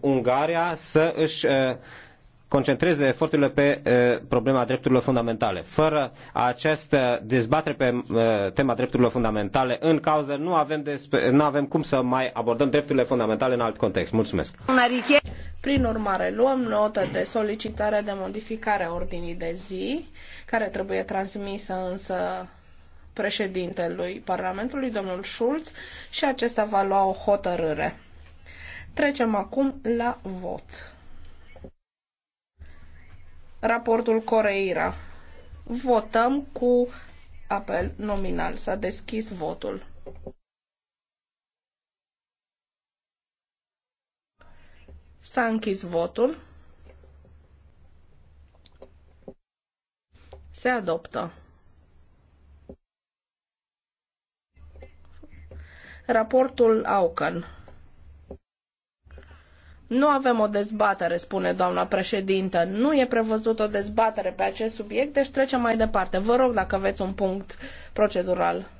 Ungaria să își concentreze eforturile pe problema drepturilor fundamentale. Fără această dezbatere pe tema drepturilor fundamentale în cauză, nu avem, despre, nu avem cum să mai abordăm drepturile fundamentale în alt context. Mulțumesc! Prin urmare, luăm notă de solicitare de modificare a ordinii de zi, care trebuie transmisă însă președintelui Parlamentului, domnul Schulz, și acesta va lua o hotărâre. Trecem acum la vot. Raportul Coreira. Votăm cu apel nominal. S-a deschis votul. S-a închis votul. Se adoptă. Raportul Aucan. Nu avem o dezbatere, spune doamna președintă. Nu e prevăzut o dezbatere pe acest subiect, deci trecem mai departe. Vă rog dacă aveți un punct procedural.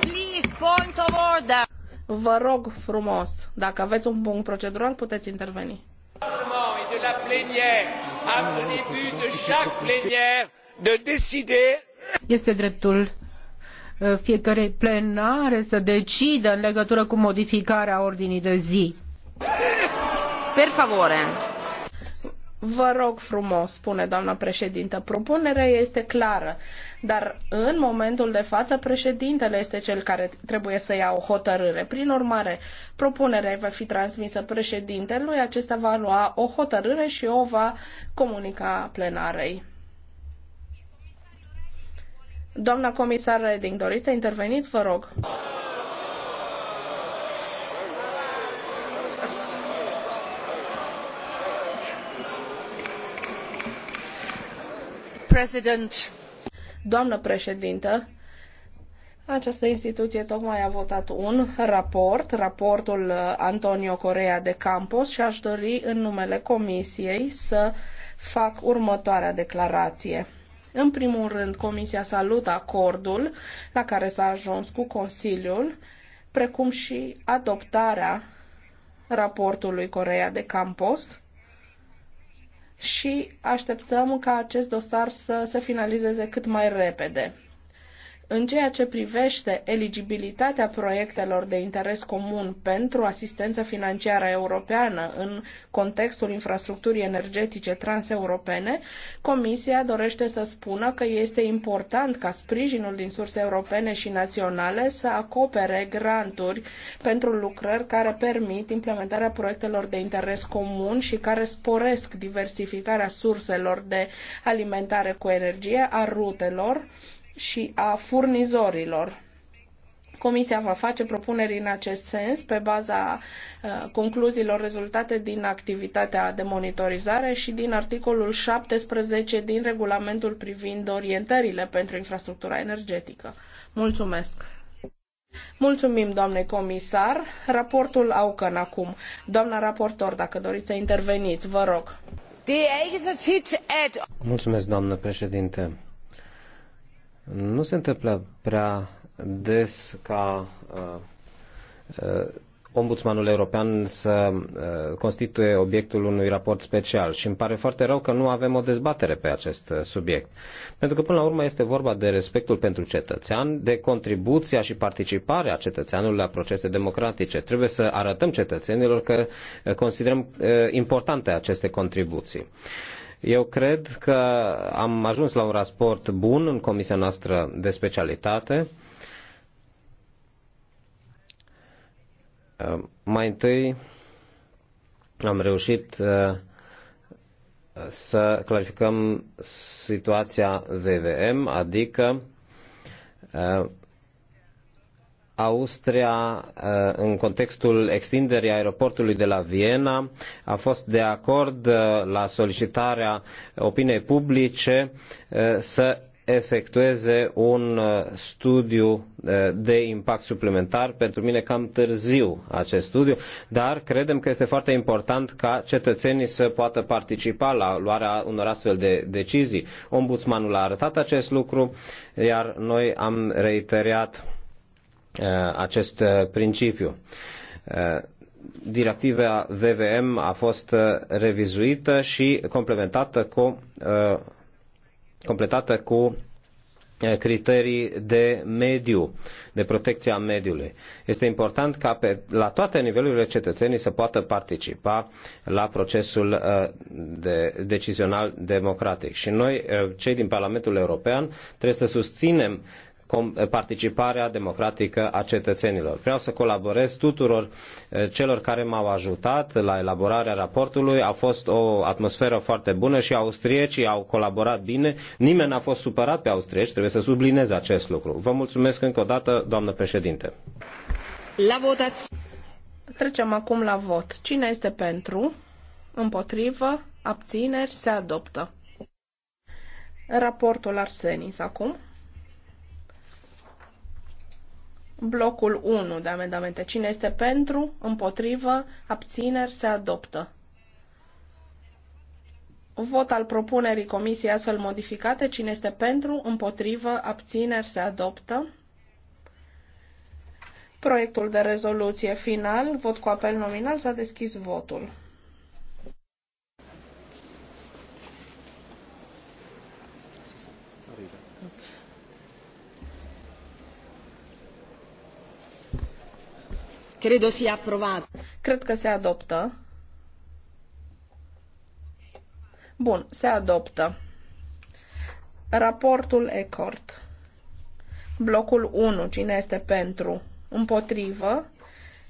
Please, point of order. Vă rog frumos, dacă aveți un punct procedural, puteți interveni. este dreptul Uh, fiecare plenare să decidă în legătură cu modificarea ordinii de zi. Per favore. Vă rog frumos, spune doamna președintă, propunerea este clară, dar în momentul de față președintele este cel care trebuie să ia o hotărâre. Prin urmare, propunerea va fi transmisă președintelui, acesta va lua o hotărâre și o va comunica plenarei. Doamna comisar Reding, doriți să interveniți? Vă rog. President. Doamnă președintă, această instituție tocmai a votat un raport, raportul Antonio Correa de Campos și aș dori în numele Comisiei să fac următoarea declarație. În primul rând, Comisia salută acordul la care s-a ajuns cu Consiliul, precum și adoptarea raportului Corea de Campos și așteptăm ca acest dosar să se finalizeze cât mai repede. În ceea ce privește eligibilitatea proiectelor de interes comun pentru asistență financiară europeană în contextul infrastructurii energetice transeuropene, Comisia dorește să spună că este important ca sprijinul din surse europene și naționale să acopere granturi pentru lucrări care permit implementarea proiectelor de interes comun și care sporesc diversificarea surselor de alimentare cu energie a rutelor și a furnizorilor. Comisia va face propuneri în acest sens pe baza uh, concluziilor rezultate din activitatea de monitorizare și din articolul 17 din regulamentul privind orientările pentru infrastructura energetică. Mulțumesc! Mulțumim, doamne comisar. Raportul Aucan acum. Doamna raportor, dacă doriți să interveniți, vă rog. Mulțumesc, doamnă președinte. Nu se întâmplă prea des ca uh, uh, ombudsmanul european să uh, constituie obiectul unui raport special și îmi pare foarte rău că nu avem o dezbatere pe acest subiect. Pentru că până la urmă este vorba de respectul pentru cetățean, de contribuția și participarea cetățeanului la procese democratice. Trebuie să arătăm cetățenilor că considerăm importante aceste contribuții. Eu cred că am ajuns la un raport bun în comisia noastră de specialitate. Uh, mai întâi am reușit uh, să clarificăm situația VVM, adică uh, Austria, uh, în contextul extinderii aeroportului de la Viena, a fost de acord uh, la solicitarea opiniei publice uh, să efectueze un studiu de impact suplimentar. Pentru mine cam târziu acest studiu, dar credem că este foarte important ca cetățenii să poată participa la luarea unor astfel de decizii. Ombudsmanul a arătat acest lucru, iar noi am reiterat Uh, acest uh, principiu. Uh, Directiva VVM a fost revizuită și complementată cu, completată cu criterii de mediu, de protecția mediului. Este important ca pe, la toate nivelurile cetățenii să poată participa la procesul de, decizional democratic. Și noi, cei din Parlamentul European, trebuie să susținem participarea democratică a cetățenilor. Vreau să colaborez tuturor eh, celor care m-au ajutat la elaborarea raportului. A fost o atmosferă foarte bună și austriecii au colaborat bine. Nimeni n-a fost supărat pe austrieci, trebuie să sublinez acest lucru. Vă mulțumesc încă o dată, doamnă președinte. La votați. Trecem acum la vot. Cine este pentru? Împotrivă? Abțineri? Se adoptă. Raportul Arsenis acum. Blocul 1 de amendamente. Cine este pentru, împotrivă, abțineri, se adoptă. Vot al propunerii comisiei astfel modificate. Cine este pentru, împotrivă, abțineri, se adoptă. Proiectul de rezoluție final, vot cu apel nominal, s-a deschis votul. Credo sia approvato. Cred că se adoptă. Bun, se adoptă. Raportul ECORT. Blocul 1. Cine este pentru? Împotrivă?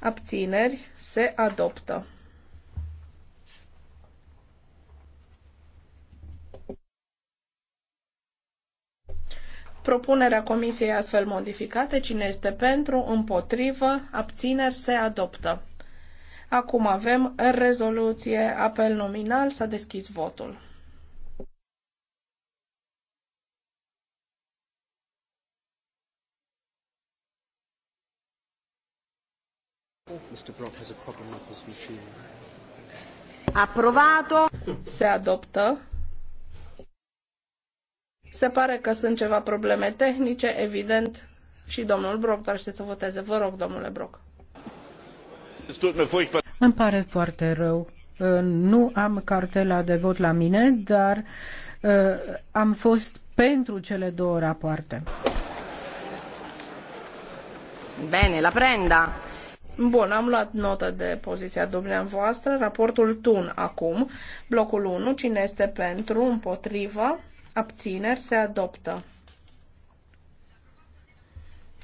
Abțineri? Se adoptă. Propunerea comisiei astfel modificată, cine este pentru, împotrivă, abțineri, se adoptă. Acum avem rezoluție, apel nominal, s-a deschis votul. Mr. Brock has a problem with his machine. Se adoptă. Se pare că sunt ceva probleme tehnice, evident, și domnul Brock știe să voteze. Vă rog, domnule Brock. Îmi pare foarte rău. Uh, nu am cartela de vot la mine, dar uh, am fost pentru cele două rapoarte. Bine, la prenda. Bun, am luat notă de poziția dumneavoastră. Raportul TUN acum, blocul 1, cine este pentru, împotriva, abțineri, se adoptă.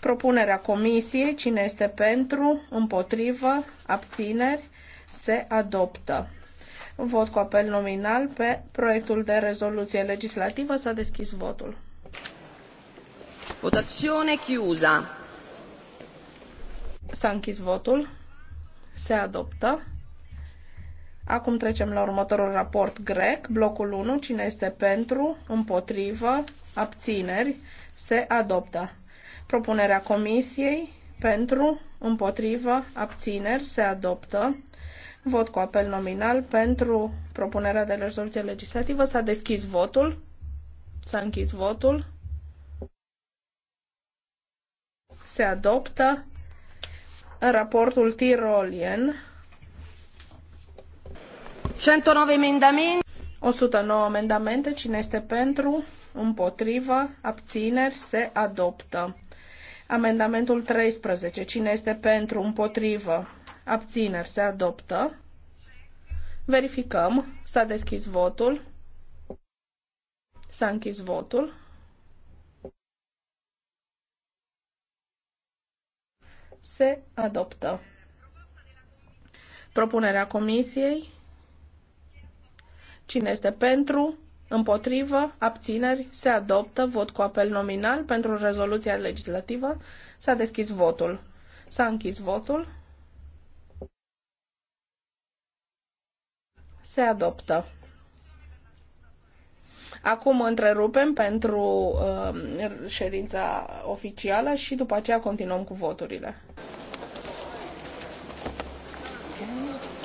Propunerea comisiei, cine este pentru, împotrivă, abțineri, se adoptă. Vot cu apel nominal pe proiectul de rezoluție legislativă. S-a deschis votul. Votazione chiusa. S-a închis votul. Se adoptă. Acum trecem la următorul raport grec, blocul 1, cine este pentru, împotrivă, abțineri, se adoptă. Propunerea comisiei pentru, împotrivă, abțineri, se adoptă. Vot cu apel nominal pentru propunerea de rezoluție legislativă. S-a deschis votul. S-a închis votul. Se adoptă raportul Tirolien 109 emendamente. 109 amendamente. Cine este pentru? Împotrivă? Abțineri? Se adoptă. Amendamentul 13. Cine este pentru? Împotrivă? Abțineri? Se adoptă. Verificăm. S-a deschis votul. S-a închis votul. Se adoptă. Propunerea comisiei Cine este pentru? Împotrivă? Abțineri? Se adoptă vot cu apel nominal pentru rezoluția legislativă. S-a deschis votul. S-a închis votul. Se adoptă. Acum întrerupem pentru uh, ședința oficială și după aceea continuăm cu voturile. Okay.